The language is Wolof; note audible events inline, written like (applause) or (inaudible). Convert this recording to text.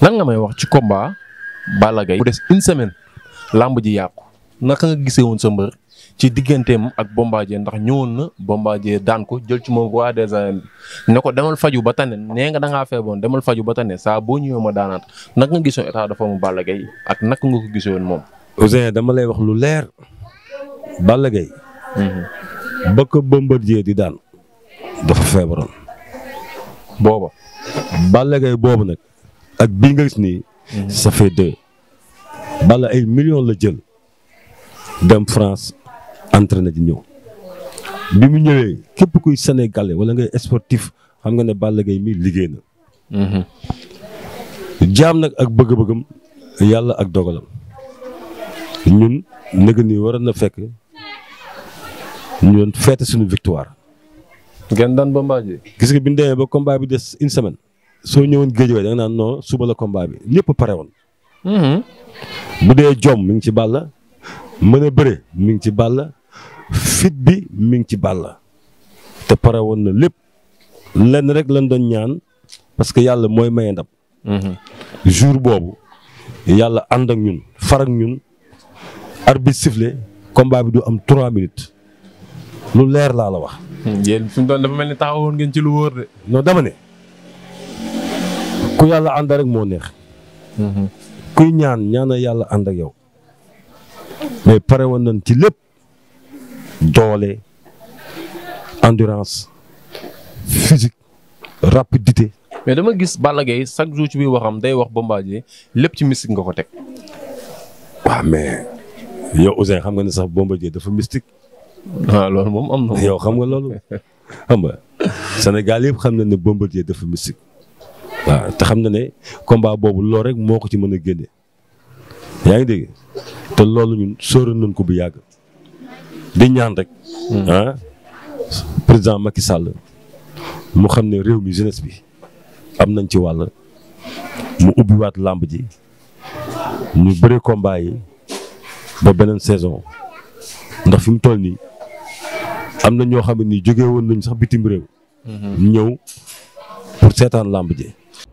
lan nga may wax ci komba Balla Gaye bu des une semaine làmb ji yàqu naka nga gisee woon sa mbër ci digganteem ak Bombardier ndax ñëwoon na Bombardier daan ko jël ci moom roi des arènes ne ko demal faju ba tane nee nga da ngaa feeboon demal faju ba tane saa boo ñëwee ma daanaat naka nga gisoon état de forme Balla Gaye ak naka nga ko gisee woon moom. Ouzin dama lay wax lu leer Balla mhm. ba ko Bombardier di daan dafa feebaroon. booba. Balla Gaye nag. ak bii nga gis nii. Mhm. ça fait deux. ay million la jël dem France entraîné di ñëw bi mu ñëwee képp kuy sénégalais wala ngay sportif xam nga ne Balla Gaye mi liggéey na. Mhm. jaam nag ak bëgg-bëggam yàlla ak dogalam ñun nag nii waroon na fekk ñun feete suñu victoire. ngeen daan ba Bombardier. gis nga bi ñu demee ba combat bi des une semaine. soo ñëwoon géej waay da naan non suba la combat bi ñëpp pare woon. Mm-hmm. bu dee jom mi ngi ci Balla mën a bëre mi ngi ci Balla fit bi mi ngi ci la te pare woon na lépp lenn rek lañ doon ñaan parce que yàlla mooy maye ndam. Mm-hmm. jour boobu yàlla ànd ak ñun far ak ñun arbitre sifflé combat bi du am trois minutes lu leer laa la wax. Mm-hmm. yéen fi mu doon dafa mel ni taxawoon ngeen ci lu wóor de. non dama ne. ku yàlla ànd rek moo neex. Mm-hmm. kuy ñaan ñaana yàlla ànd ak yow. mais pare woon nañ ci lépp doole endurance physique rapidité. mais dama gis Balla Gaye chaque jour ci biir waxam day wax Bombardier lépp ci mystique nga ko teg. waaw mais yow Ousseyn xam nga ne sax Bombardier dafa mystique. waaw loolu moom am na. xam nga loolu (laughs) xam nga Sénégal yëpp xam na ne Bombardier dafa mystique. waaw te xam na ne combat boobu loolu rek moo ko ci mën a génne yaa ngi dégg te loolu ñun sóoral nañ ko bu yàgg di ñaan rek. Hmm. ah président Macky sàll mu xam ne réew mi jeunesse bi am nañ ci wàll mu ubbiwaat làmb ji ñu bëre combat yi ba beneen saison ndax fi mu toll nii am na ñoo xam ne nii jóge nañ sax bitim réew. Hmm. ñëw. pour seetaan làmb ji.